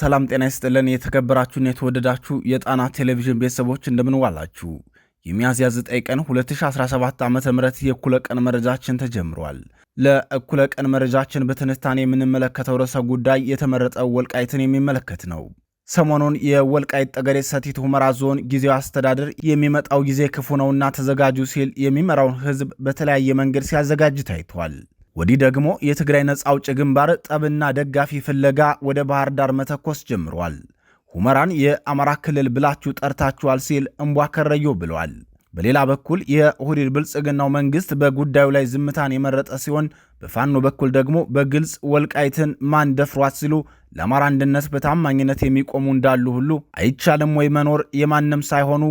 ሰላም ጤና ይስጥልን። የተከበራችሁን የተወደዳችሁ የጣና ቴሌቪዥን ቤተሰቦች እንደምንዋላችሁ። የሚያዝያ 9 ቀን 2017 ዓ ም የእኩለ ቀን መረጃችን ተጀምሯል። ለእኩለ ቀን መረጃችን በትንታኔ የምንመለከተው ርዕሰ ጉዳይ የተመረጠው ወልቃይትን የሚመለከት ነው። ሰሞኑን የወልቃይት ጠገዴ ሰቲት ሁመራ ዞን ጊዜያዊ አስተዳደር የሚመጣው ጊዜ ክፉ ነውና ተዘጋጁ ሲል የሚመራውን ህዝብ በተለያየ መንገድ ሲያዘጋጅ ታይቷል። ወዲህ ደግሞ የትግራይ ነጻ አውጪ ግንባር ጠብና ደጋፊ ፍለጋ ወደ ባህር ዳር መተኮስ ጀምሯል። ሁመራን የአማራ ክልል ብላችሁ ጠርታችኋል ሲል እምቧከረዩ ብለዋል። በሌላ በኩል የኦህዴድ ብልጽግናው መንግስት በጉዳዩ ላይ ዝምታን የመረጠ ሲሆን በፋኖ በኩል ደግሞ በግልጽ ወልቃይትን ማን ደፍሯት ሲሉ ለአማራ አንድነት በታማኝነት የሚቆሙ እንዳሉ ሁሉ አይቻልም ወይ መኖር የማንም ሳይሆኑ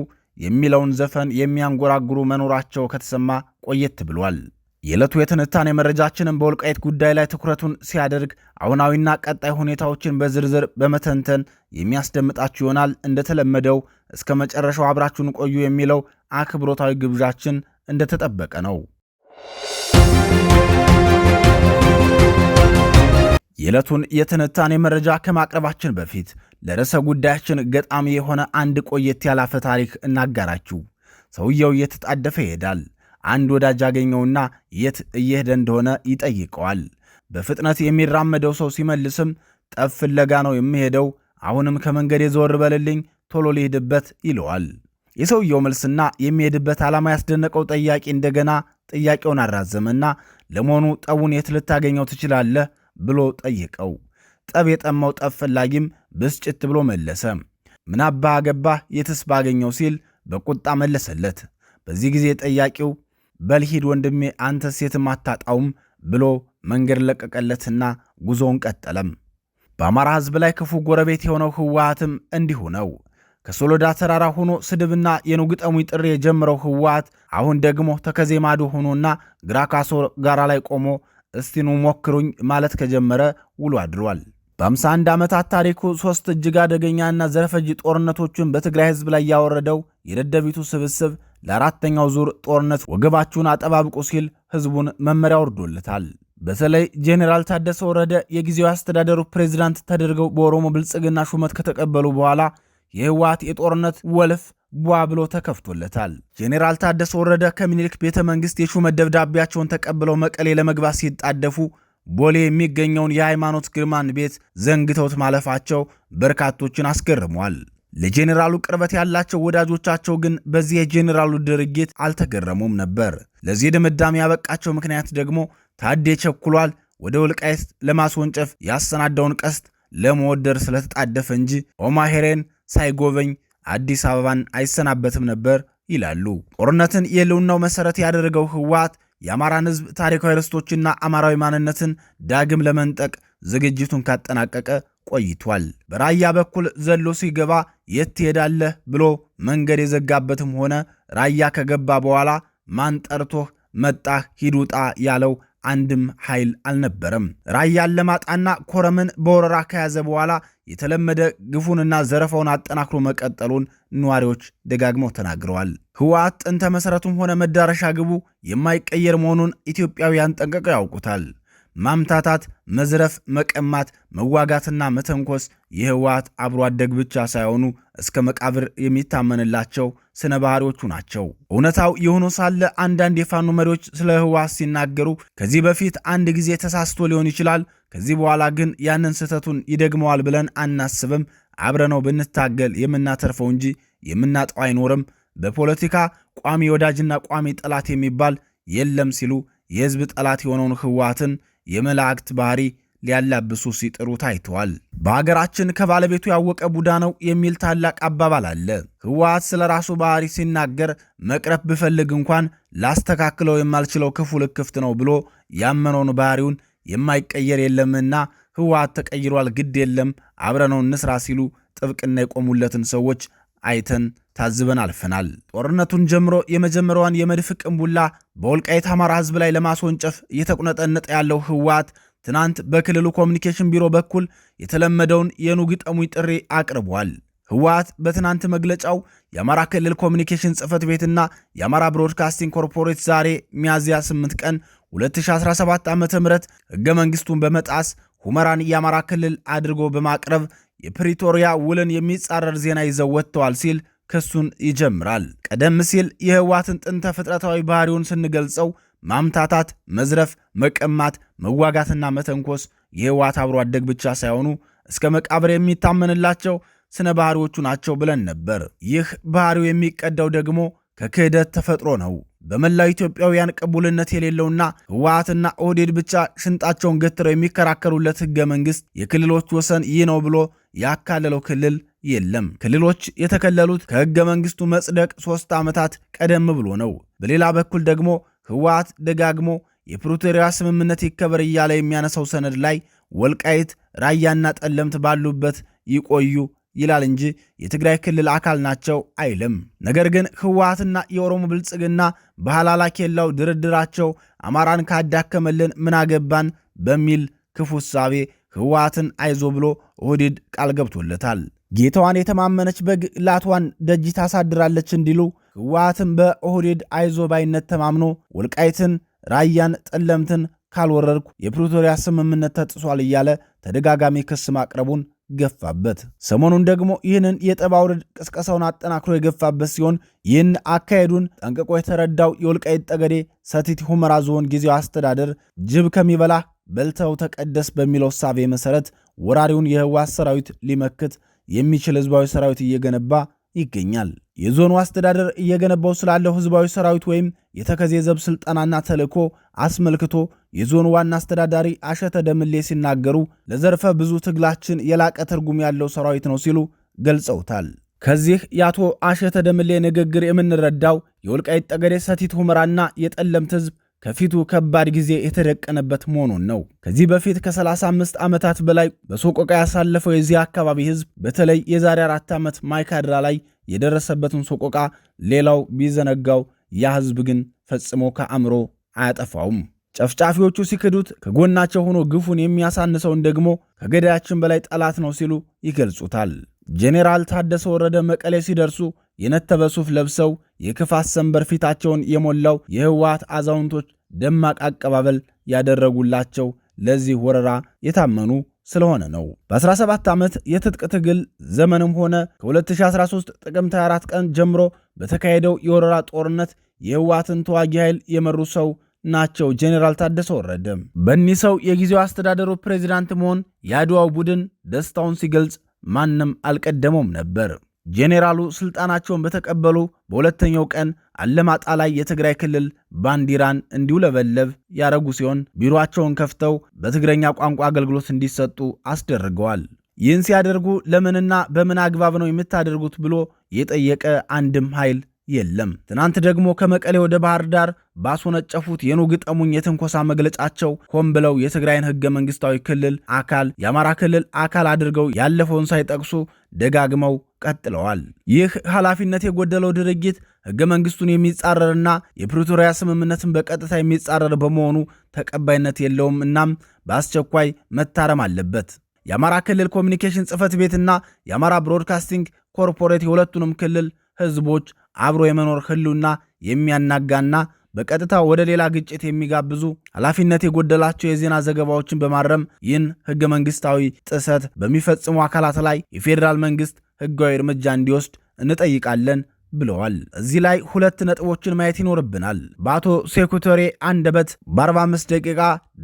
የሚለውን ዘፈን የሚያንጎራጉሩ መኖራቸው ከተሰማ ቆየት ብሏል። የዕለቱ የትንታኔ መረጃችንን በወልቃይት ጉዳይ ላይ ትኩረቱን ሲያደርግ አሁናዊና ቀጣይ ሁኔታዎችን በዝርዝር በመተንተን የሚያስደምጣችሁ ይሆናል። እንደተለመደው እስከ መጨረሻው አብራችሁን ቆዩ የሚለው አክብሮታዊ ግብዣችን እንደተጠበቀ ነው። የዕለቱን የትንታኔ መረጃ ከማቅረባችን በፊት ለርዕሰ ጉዳያችን ገጣሚ የሆነ አንድ ቆየት ያላፈ ታሪክ እናጋራችሁ። ሰውየው እየተጣደፈ ይሄዳል። አንድ ወዳጅ ያገኘውና የት እየሄደ እንደሆነ ይጠይቀዋል። በፍጥነት የሚራመደው ሰው ሲመልስም ጠብ ፍለጋ ነው የምሄደው፣ አሁንም ከመንገድ የዘወር በልልኝ፣ ቶሎ ሊሄድበት ይለዋል። የሰውየው መልስና የሚሄድበት ዓላማ ያስደነቀው ጠያቂ እንደገና ጥያቄውን አራዘመና ለመሆኑ ጠቡን የት ልታገኘው ትችላለህ ብሎ ጠየቀው። ጠብ የጠማው ጠብ ፈላጊም ብስጭት ብሎ መለሰ። ምናባ አገባህ የትስ ባገኘው ሲል በቁጣ መለሰለት። በዚህ ጊዜ ጠያቂው በልሂድ ወንድሜ አንተ ሴትም አታጣውም ብሎ መንገድ ለቀቀለትና ጉዞውን ቀጠለም። በአማራ ሕዝብ ላይ ክፉ ጎረቤት የሆነው ህወሓትም እንዲሁ ነው። ከሶሎዳ ተራራ ሆኖ ስድብና የኑ ጥሪ የጀመረው ህወሓት አሁን ደግሞ ተከዜ ማዶ ሆኖና ግራ ካሶ ጋራ ላይ ቆሞ እስቲኑ ሞክሩኝ ማለት ከጀመረ ውሎ አድሯል። በ51 ዓመታት ታሪኩ ሦስት እጅግ አደገኛና ዘረፈጅ ጦርነቶችን በትግራይ ሕዝብ ላይ ያወረደው የደደቢቱ ስብስብ ለአራተኛው ዙር ጦርነት ወገባችሁን አጠባብቁ ሲል ህዝቡን መመሪያ ወርዶለታል። በተለይ ጄኔራል ታደሰ ወረደ የጊዜው አስተዳደሩ ፕሬዚዳንት ተደርገው በኦሮሞ ብልጽግና ሹመት ከተቀበሉ በኋላ የህወሓት የጦርነት ወልፍ ቧ ብሎ ተከፍቶለታል። ጄኔራል ታደሰ ወረደ ከሚኒልክ ቤተ መንግሥት የሹመት ደብዳቤያቸውን ተቀብለው መቀሌ ለመግባት ሲጣደፉ ቦሌ የሚገኘውን የሃይማኖት ግርማን ቤት ዘንግተውት ማለፋቸው በርካቶችን አስገርሟል። ለጄኔራሉ ቅርበት ያላቸው ወዳጆቻቸው ግን በዚህ የጄኔራሉ ድርጊት አልተገረሙም ነበር። ለዚህ ድምዳሜ ያበቃቸው ምክንያት ደግሞ ታዴ ቸኩሏል ወደ ወልቃይት ለማስወንጨፍ ያሰናዳውን ቀስት ለመወደር ስለተጣደፈ እንጂ ኦማሄሬን ሳይጎበኝ አዲስ አበባን አይሰናበትም ነበር ይላሉ። ጦርነትን የህልውናው መሠረት ያደረገው ህወሓት የአማራን ህዝብ ታሪካዊ ርስቶችና አማራዊ ማንነትን ዳግም ለመንጠቅ ዝግጅቱን ካጠናቀቀ ቆይቷል። በራያ በኩል ዘሎ ሲገባ የት ትሄዳለህ ብሎ መንገድ የዘጋበትም ሆነ ራያ ከገባ በኋላ ማን ጠርቶህ መጣህ ሂዱጣ ያለው አንድም ኃይል አልነበረም። ራያን ለማጣና ኮረምን በወረራ ከያዘ በኋላ የተለመደ ግፉንና ዘረፋውን አጠናክሮ መቀጠሉን ነዋሪዎች ደጋግመው ተናግረዋል። ህወሓት ጥንተ መሠረቱም ሆነ መዳረሻ ግቡ የማይቀየር መሆኑን ኢትዮጵያውያን ጠንቀቀው ያውቁታል። ማምታታት፣ መዝረፍ፣ መቀማት፣ መዋጋትና መተንኮስ የህወሓት አብሮ አደግ ብቻ ሳይሆኑ እስከ መቃብር የሚታመንላቸው ስነ ባህሪዎቹ ናቸው። እውነታው የሆኖ ሳለ አንዳንድ የፋኖ መሪዎች ስለ ህወሓት ሲናገሩ ከዚህ በፊት አንድ ጊዜ ተሳስቶ ሊሆን ይችላል፣ ከዚህ በኋላ ግን ያንን ስህተቱን ይደግመዋል ብለን አናስብም፣ አብረነው ብንታገል የምናተርፈው እንጂ የምናጠው አይኖርም፣ በፖለቲካ ቋሚ ወዳጅና ቋሚ ጠላት የሚባል የለም ሲሉ የህዝብ ጠላት የሆነውን ህወሓትን የመላእክት ባህሪ ሊያላብሱ ሲጥሩ ታይተዋል። በሀገራችን ከባለቤቱ ያወቀ ቡዳ ነው የሚል ታላቅ አባባል አለ። ህወሓት ስለ ራሱ ባህሪ ሲናገር መቅረፍ ብፈልግ እንኳን ላስተካክለው የማልችለው ክፉ ልክፍት ነው ብሎ ያመነውን ባህሪውን የማይቀየር የለምና ህወሓት ተቀይሯል፣ ግድ የለም አብረነው እንስራ ሲሉ ጥብቅና የቆሙለትን ሰዎች አይተን ታዝበን አልፈናል። ጦርነቱን ጀምሮ የመጀመሪያዋን የመድፍ ቅንቡላ በወልቃይት አማራ ህዝብ ላይ ለማስወንጨፍ እየተቁነጠነጠ ያለው ህወሓት ትናንት በክልሉ ኮሚኒኬሽን ቢሮ በኩል የተለመደውን የኑግጠሙኝ ጥሪ አቅርቧል። ህወሓት በትናንት መግለጫው የአማራ ክልል ኮሚኒኬሽን ጽህፈት ቤትና የአማራ ብሮድካስቲንግ ኮርፖሬት ዛሬ ሚያዝያ 8 ቀን 2017 ዓ ም ህገ መንግስቱን በመጣስ ሁመራን የአማራ ክልል አድርጎ በማቅረብ የፕሪቶሪያ ውልን የሚጻረር ዜና ይዘው ወጥተዋል ሲል ክሱን ይጀምራል። ቀደም ሲል የህወሓትን ጥንተ ፍጥረታዊ ባህሪውን ስንገልጸው ማምታታት፣ መዝረፍ፣ መቀማት፣ መዋጋትና መተንኮስ የህወሓት አብሮ አደግ ብቻ ሳይሆኑ እስከ መቃብር የሚታመንላቸው ስነ ባህሪዎቹ ናቸው ብለን ነበር። ይህ ባህሪው የሚቀዳው ደግሞ ከክህደት ተፈጥሮ ነው። በመላው ኢትዮጵያውያን ቅቡልነት የሌለውና ህወሓትና ኦህዴድ ብቻ ሽንጣቸውን ገትረው የሚከራከሩለት ህገ መንግስት የክልሎች ወሰን ይህ ነው ብሎ ያካለለው ክልል የለም። ክልሎች የተከለሉት ከህገ መንግስቱ መጽደቅ ሶስት ዓመታት ቀደም ብሎ ነው። በሌላ በኩል ደግሞ ህወሓት ደጋግሞ የፕሪቶሪያ ስምምነት ይከበር እያለ የሚያነሳው ሰነድ ላይ ወልቃይት፣ ራያና ጠለምት ባሉበት ይቆዩ ይላል እንጂ የትግራይ ክልል አካል ናቸው አይልም። ነገር ግን ህወሓትና የኦሮሞ ብልጽግና በሐላላ ኬላው ድርድራቸው አማራን ካዳከመልን ምናገባን በሚል ክፉ እሳቤ ህወሓትን አይዞ ብሎ ኦህዴድ ቃል ገብቶለታል። ጌታዋን የተማመነች በግ ላቷን ደጅ ታሳድራለች እንዲሉ ህወሓትም በኦህዴድ አይዞባይነት ተማምኖ ወልቃይትን፣ ራያን፣ ጠለምትን ካልወረድኩ የፕሪቶሪያ ስምምነት ተጥሷል እያለ ተደጋጋሚ ክስ ማቅረቡን ገፋበት። ሰሞኑን ደግሞ ይህንን የጠብ አውርድ ቅስቀሳውን አጠናክሮ የገፋበት ሲሆን ይህን አካሄዱን ጠንቅቆ የተረዳው የወልቃይት ጠገዴ ሰቲት ሁመራ ዞን ጊዜው አስተዳደር ጅብ ከሚበላ በልተው ተቀደስ በሚለው እሳቤ መሠረት ወራሪውን የህወሓት ሰራዊት ሊመክት የሚችል ህዝባዊ ሰራዊት እየገነባ ይገኛል። የዞኑ አስተዳደር እየገነባው ስላለው ህዝባዊ ሰራዊት ወይም የተከዜ ዘብ ስልጠናና ተልዕኮ አስመልክቶ የዞኑ ዋና አስተዳዳሪ አሸተ ደምሌ ሲናገሩ ለዘርፈ ብዙ ትግላችን የላቀ ትርጉም ያለው ሰራዊት ነው ሲሉ ገልጸውታል። ከዚህ የአቶ አሸተ ደምሌ ንግግር የምንረዳው የወልቃይት ጠገዴ ሰቲት ሁመራና የጠለምት ህዝብ ከፊቱ ከባድ ጊዜ የተደቀነበት መሆኑን ነው። ከዚህ በፊት ከ35 ዓመታት በላይ በሰቆቃ ያሳለፈው የዚህ አካባቢ ህዝብ በተለይ የዛሬ አራት ዓመት ማይካድራ ላይ የደረሰበትን ሶቆቃ ሌላው ቢዘነጋው፣ ያ ህዝብ ግን ፈጽሞ ከአእምሮ አያጠፋውም። ጨፍጫፊዎቹ ሲክዱት፣ ከጎናቸው ሆኖ ግፉን የሚያሳንሰውን ደግሞ ከገዳያችን በላይ ጠላት ነው ሲሉ ይገልጹታል። ጄኔራል ታደሰ ወረደ መቀሌ ሲደርሱ የነተበ ሱፍ ለብሰው የክፋት ሰንበር ፊታቸውን የሞላው የህወሓት አዛውንቶች ደማቅ አቀባበል ያደረጉላቸው ለዚህ ወረራ የታመኑ ስለሆነ ነው። በ17 ዓመት የትጥቅ ትግል ዘመንም ሆነ ከ2013 ጥቅምት 24 ቀን ጀምሮ በተካሄደው የወረራ ጦርነት የህወሓትን ተዋጊ ኃይል የመሩ ሰው ናቸው። ጄኔራል ታደሰ ወረደ በእኒህ ሰው የጊዜው አስተዳደሩ ፕሬዚዳንት መሆን የአድዋው ቡድን ደስታውን ሲገልጽ ማንም አልቀደመውም ነበር። ጄኔራሉ ስልጣናቸውን በተቀበሉ በሁለተኛው ቀን አለማጣ ላይ የትግራይ ክልል ባንዲራን እንዲውለበለብ ያደረጉ ሲሆን ቢሮቸውን ከፍተው በትግረኛ ቋንቋ አገልግሎት እንዲሰጡ አስደርገዋል። ይህን ሲያደርጉ ለምንና በምን አግባብ ነው የምታደርጉት ብሎ የጠየቀ አንድም ኃይል የለም። ትናንት ደግሞ ከመቀሌ ወደ ባህር ዳር ባስወነጨፉት የኑ ግጠሙኝ የትንኮሳ መግለጫቸው ሆን ብለው የትግራይን ህገ መንግስታዊ ክልል አካል የአማራ ክልል አካል አድርገው ያለፈውን ሳይጠቅሱ ደጋግመው ቀጥለዋል። ይህ ኃላፊነት የጎደለው ድርጊት ህገ መንግስቱን የሚጻረርና የፕሪቶሪያ ስምምነትን በቀጥታ የሚጻረር በመሆኑ ተቀባይነት የለውም። እናም በአስቸኳይ መታረም አለበት። የአማራ ክልል ኮሚኒኬሽን ጽህፈት ቤትና የአማራ ብሮድካስቲንግ ኮርፖሬት የሁለቱንም ክልል ህዝቦች አብሮ የመኖር ህልውና የሚያናጋና በቀጥታ ወደ ሌላ ግጭት የሚጋብዙ ኃላፊነት የጎደላቸው የዜና ዘገባዎችን በማረም ይህን ህገ መንግስታዊ ጥሰት በሚፈጽሙ አካላት ላይ የፌዴራል መንግስት ህጋዊ እርምጃ እንዲወስድ እንጠይቃለን ብለዋል። እዚህ ላይ ሁለት ነጥቦችን ማየት ይኖርብናል። በአቶ ሴኩተሬ አንደበት በ45 ደቂቃ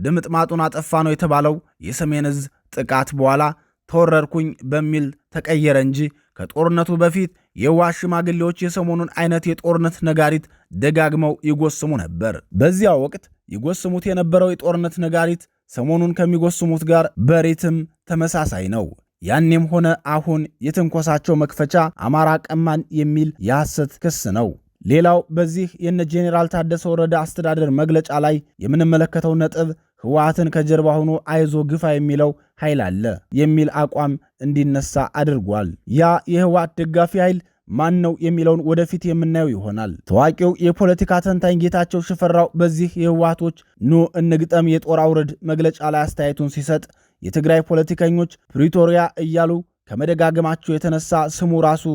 ድምጥማጡን አጠፋ ነው የተባለው የሰሜን እዝ ጥቃት በኋላ ተወረርኩኝ በሚል ተቀየረ እንጂ ከጦርነቱ በፊት የዋ ሽማግሌዎች የሰሞኑን አይነት የጦርነት ነጋሪት ደጋግመው ይጎስሙ ነበር። በዚያ ወቅት ይጎስሙት የነበረው የጦርነት ነጋሪት ሰሞኑን ከሚጎስሙት ጋር በሬትም ተመሳሳይ ነው። ያኔም ሆነ አሁን የትንኮሳቸው መክፈቻ አማራ ቀማን የሚል የሐሰት ክስ ነው። ሌላው በዚህ የነ ጄኔራል ታደሰ ወረደ አስተዳደር መግለጫ ላይ የምንመለከተው ነጥብ ህወሓትን ከጀርባ ሆኖ አይዞ ግፋ የሚለው ኃይል አለ የሚል አቋም እንዲነሳ አድርጓል። ያ የህወሓት ደጋፊ ኃይል ማን ነው የሚለውን ወደፊት የምናየው ይሆናል። ታዋቂው የፖለቲካ ተንታኝ ጌታቸው ሽፈራው በዚህ የህወሓቶች ኑ እንግጠም የጦር አውረድ መግለጫ ላይ አስተያየቱን ሲሰጥ የትግራይ ፖለቲከኞች ፕሪቶሪያ እያሉ ከመደጋገማቸው የተነሳ ስሙ ራሱ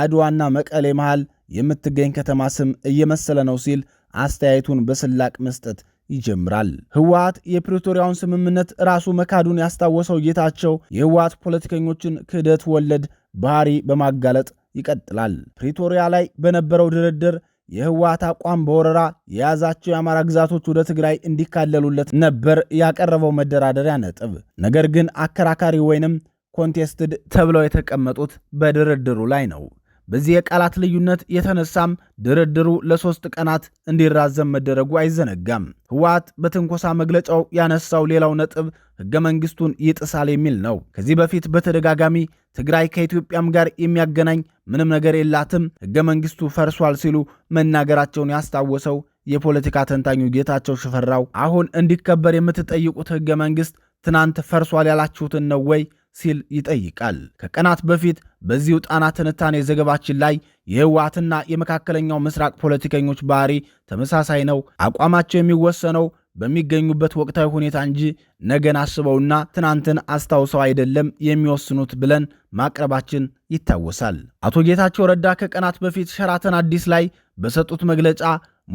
አድዋና መቀሌ መሃል የምትገኝ ከተማ ስም እየመሰለ ነው ሲል አስተያየቱን በስላቅ መስጠት ይጀምራል። ህወሀት የፕሪቶሪያውን ስምምነት ራሱ መካዱን ያስታወሰው ጌታቸው የህወሀት ፖለቲከኞችን ክህደት ወለድ ባህሪ በማጋለጥ ይቀጥላል። ፕሪቶሪያ ላይ በነበረው ድርድር የህወሀት አቋም በወረራ የያዛቸው የአማራ ግዛቶች ወደ ትግራይ እንዲካለሉለት ነበር ያቀረበው መደራደሪያ ነጥብ። ነገር ግን አከራካሪ ወይንም ኮንቴስትድ ተብለው የተቀመጡት በድርድሩ ላይ ነው። በዚህ የቃላት ልዩነት የተነሳም ድርድሩ ለሶስት ቀናት እንዲራዘም መደረጉ አይዘነጋም። ህወሓት በትንኮሳ መግለጫው ያነሳው ሌላው ነጥብ ህገ መንግስቱን ይጥሳል የሚል ነው። ከዚህ በፊት በተደጋጋሚ ትግራይ ከኢትዮጵያም ጋር የሚያገናኝ ምንም ነገር የላትም፣ ህገ መንግስቱ ፈርሷል ሲሉ መናገራቸውን ያስታወሰው የፖለቲካ ተንታኙ ጌታቸው ሽፈራው አሁን እንዲከበር የምትጠይቁት ህገ መንግስት ትናንት ፈርሷል ያላችሁትን ነው ወይ ሲል ይጠይቃል። ከቀናት በፊት በዚሁ ጣና ትንታኔ ዘገባችን ላይ የህወሓትና የመካከለኛው ምስራቅ ፖለቲከኞች ባህሪ ተመሳሳይ ነው፣ አቋማቸው የሚወሰነው በሚገኙበት ወቅታዊ ሁኔታ እንጂ ነገን አስበውና ትናንትን አስታውሰው አይደለም የሚወስኑት ብለን ማቅረባችን ይታወሳል። አቶ ጌታቸው ረዳ ከቀናት በፊት ሸራተን አዲስ ላይ በሰጡት መግለጫ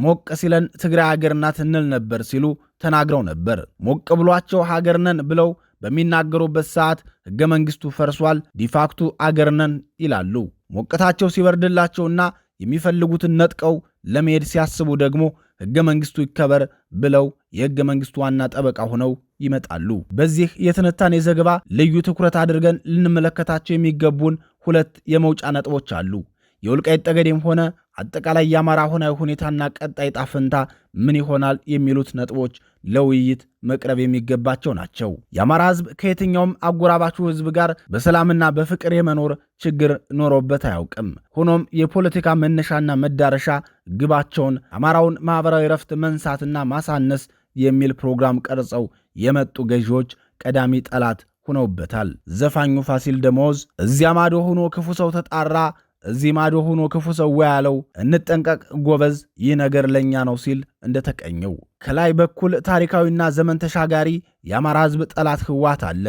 ሞቅ ሲለን ትግራይ ሀገር ናት እንል ነበር ሲሉ ተናግረው ነበር። ሞቅ ብሏቸው ሀገር ነን ብለው በሚናገሩበት ሰዓት ሕገ መንግሥቱ ፈርሷል፣ ዲፋክቱ አገርነን ይላሉ። ሞቀታቸው ሲበርድላቸውና የሚፈልጉትን ነጥቀው ለመሄድ ሲያስቡ ደግሞ ሕገ መንግሥቱ ይከበር ብለው የሕገ መንግሥቱ ዋና ጠበቃ ሆነው ይመጣሉ። በዚህ የትንታኔ ዘገባ ልዩ ትኩረት አድርገን ልንመለከታቸው የሚገቡን ሁለት የመውጫ ነጥቦች አሉ። የወልቃይት ጠገዴም ሆነ አጠቃላይ የአማራ ሆነ ሁኔታና ቀጣይ ጣፍንታ ምን ይሆናል የሚሉት ነጥቦች ለውይይት መቅረብ የሚገባቸው ናቸው። የአማራ ህዝብ ከየትኛውም አጎራባቹ ህዝብ ጋር በሰላምና በፍቅር የመኖር ችግር ኖሮበት አያውቅም። ሆኖም የፖለቲካ መነሻና መዳረሻ ግባቸውን አማራውን ማኅበራዊ ረፍት መንሳትና ማሳነስ የሚል ፕሮግራም ቀርጸው የመጡ ገዢዎች ቀዳሚ ጠላት ሆነውበታል። ዘፋኙ ፋሲል ደሞዝ እዚያ ማዶ ሆኖ ክፉ ሰው ተጣራ እዚህ ማዶ ሆኖ ክፉ ሰው ያለው እንጠንቀቅ ጎበዝ፣ ይህ ነገር ለእኛ ነው ሲል እንደተቀኘው። ከላይ በኩል ታሪካዊና ዘመን ተሻጋሪ የአማራ ሕዝብ ጠላት ህዋት አለ።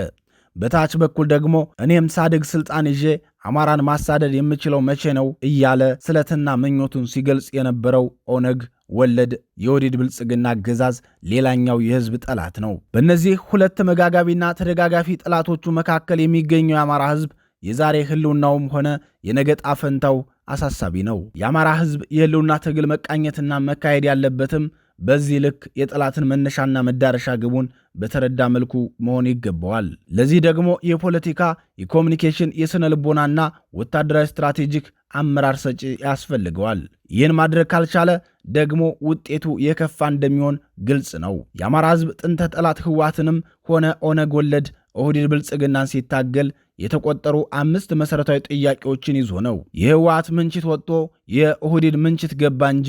በታች በኩል ደግሞ እኔም ሳድግ ስልጣን ይዤ አማራን ማሳደድ የምችለው መቼ ነው እያለ ስለትና ምኞቱን ሲገልጽ የነበረው ኦነግ ወለድ የወዲድ ብልጽግና አገዛዝ ሌላኛው የህዝብ ጠላት ነው። በእነዚህ ሁለት መጋጋቢና ተደጋጋፊ ጠላቶቹ መካከል የሚገኘው የአማራ ህዝብ የዛሬ ህልውናውም ሆነ የነገ ጣፈንታው አሳሳቢ ነው። የአማራ ህዝብ የህልውና ትግል መቃኘትና መካሄድ ያለበትም በዚህ ልክ የጠላትን መነሻና መዳረሻ ግቡን በተረዳ መልኩ መሆን ይገባዋል። ለዚህ ደግሞ የፖለቲካ፣ የኮሚኒኬሽን፣ የሥነ ልቦናና ወታደራዊ ስትራቴጂክ አመራር ሰጪ ያስፈልገዋል። ይህን ማድረግ ካልቻለ ደግሞ ውጤቱ የከፋ እንደሚሆን ግልጽ ነው። የአማራ ህዝብ ጥንተ ጠላት ህዋትንም ሆነ ኦነግ ወለድ ኦህዴድ ብልጽግናን ሲታገል የተቆጠሩ አምስት መሠረታዊ ጥያቄዎችን ይዞ ነው። የህወሓት ምንችት ወጥቶ የኦህዴድ ምንችት ገባ እንጂ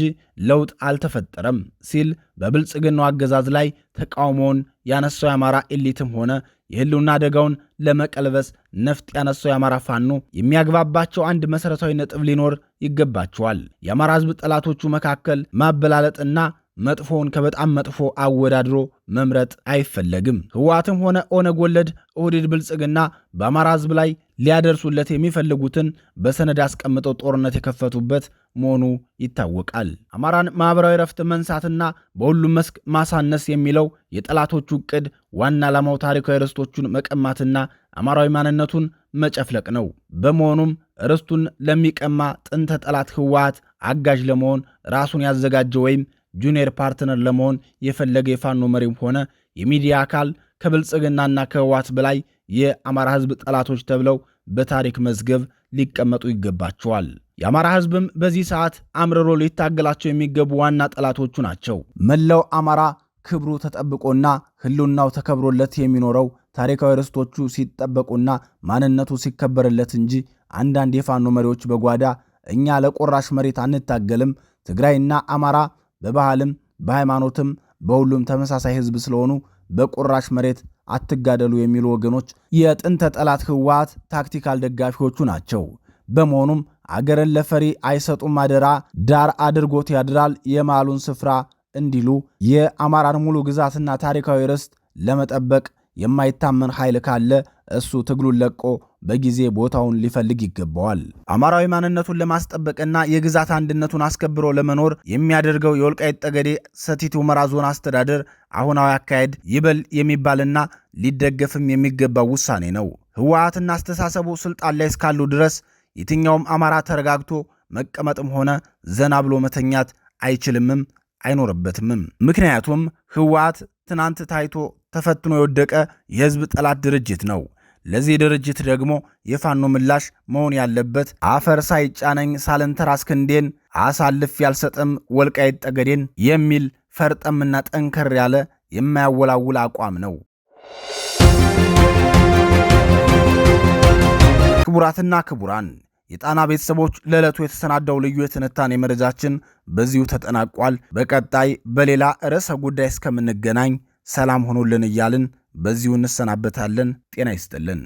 ለውጥ አልተፈጠረም ሲል በብልጽግናው አገዛዝ ላይ ተቃውሞውን ያነሳው የአማራ ኤሊትም ሆነ የህልውና አደጋውን ለመቀልበስ ነፍጥ ያነሳው የአማራ ፋኖ የሚያግባባቸው አንድ መሠረታዊ ነጥብ ሊኖር ይገባቸዋል። የአማራ ህዝብ ጠላቶቹ መካከል ማበላለጥና መጥፎውን ከበጣም መጥፎ አወዳድሮ መምረጥ አይፈለግም። ህወሓትም ሆነ ኦነግ ወለድ ኦህዴድ ብልጽግና በአማራ ህዝብ ላይ ሊያደርሱለት የሚፈልጉትን በሰነድ አስቀምጠው ጦርነት የከፈቱበት መሆኑ ይታወቃል። አማራን ማኅበራዊ ረፍት መንሳትና በሁሉም መስክ ማሳነስ የሚለው የጠላቶቹ ዕቅድ ዋና ዓላማው ታሪካዊ ርስቶቹን መቀማትና አማራዊ ማንነቱን መጨፍለቅ ነው። በመሆኑም ርስቱን ለሚቀማ ጥንተ ጠላት ህወሓት አጋዥ ለመሆን ራሱን ያዘጋጀ ወይም ጁኒየር ፓርትነር ለመሆን የፈለገ የፋኖ መሪም ሆነ የሚዲያ አካል ከብልጽግናና ከህዋት በላይ የአማራ ህዝብ ጠላቶች ተብለው በታሪክ መዝገብ ሊቀመጡ ይገባቸዋል። የአማራ ህዝብም በዚህ ሰዓት አምርሮ ሊታገላቸው የሚገቡ ዋና ጠላቶቹ ናቸው። መላው አማራ ክብሩ ተጠብቆና ህልውናው ተከብሮለት የሚኖረው ታሪካዊ ርስቶቹ ሲጠበቁና ማንነቱ ሲከበርለት እንጂ አንዳንድ የፋኖ መሪዎች በጓዳ እኛ ለቆራሽ መሬት አንታገልም፣ ትግራይና አማራ በባህልም በሃይማኖትም በሁሉም ተመሳሳይ ህዝብ ስለሆኑ በቁራሽ መሬት አትጋደሉ የሚሉ ወገኖች የጥንተ ጠላት ህወሓት ታክቲካል ደጋፊዎቹ ናቸው። በመሆኑም አገርን ለፈሪ አይሰጡም አደራ ዳር አድርጎት ያድራል የማሉን ስፍራ እንዲሉ የአማራን ሙሉ ግዛትና ታሪካዊ ርስት ለመጠበቅ የማይታመን ኃይል ካለ እሱ ትግሉን ለቆ በጊዜ ቦታውን ሊፈልግ ይገባዋል። አማራዊ ማንነቱን ለማስጠበቅና የግዛት አንድነቱን አስከብሮ ለመኖር የሚያደርገው የወልቃይት ጠገዴ ሰቲት ሁመራ ዞን አስተዳደር አሁናዊ አካሄድ ይበል የሚባልና ሊደገፍም የሚገባው ውሳኔ ነው። ህወሓትና አስተሳሰቡ ስልጣን ላይ እስካሉ ድረስ የትኛውም አማራ ተረጋግቶ መቀመጥም ሆነ ዘና ብሎ መተኛት አይችልምም አይኖርበትምም። ምክንያቱም ህወሓት ትናንት ታይቶ ተፈትኖ የወደቀ የህዝብ ጠላት ድርጅት ነው። ለዚህ ድርጅት ደግሞ የፋኖ ምላሽ መሆን ያለበት አፈር ሳይጫነኝ ሳልንተራ አስክንዴን አሳልፍ ያልሰጠም ወልቃይት ጠገዴን የሚል ፈርጠምና ጠንከር ያለ የማያወላውል አቋም ነው። ክቡራትና ክቡራን የጣና ቤተሰቦች ለዕለቱ የተሰናዳው ልዩ የትንታኔ መረጃችን በዚሁ ተጠናቋል። በቀጣይ በሌላ ርዕሰ ጉዳይ እስከምንገናኝ ሰላም ሆኖልን እያልን በዚሁ እንሰናበታለን። ጤና ይስጥልን።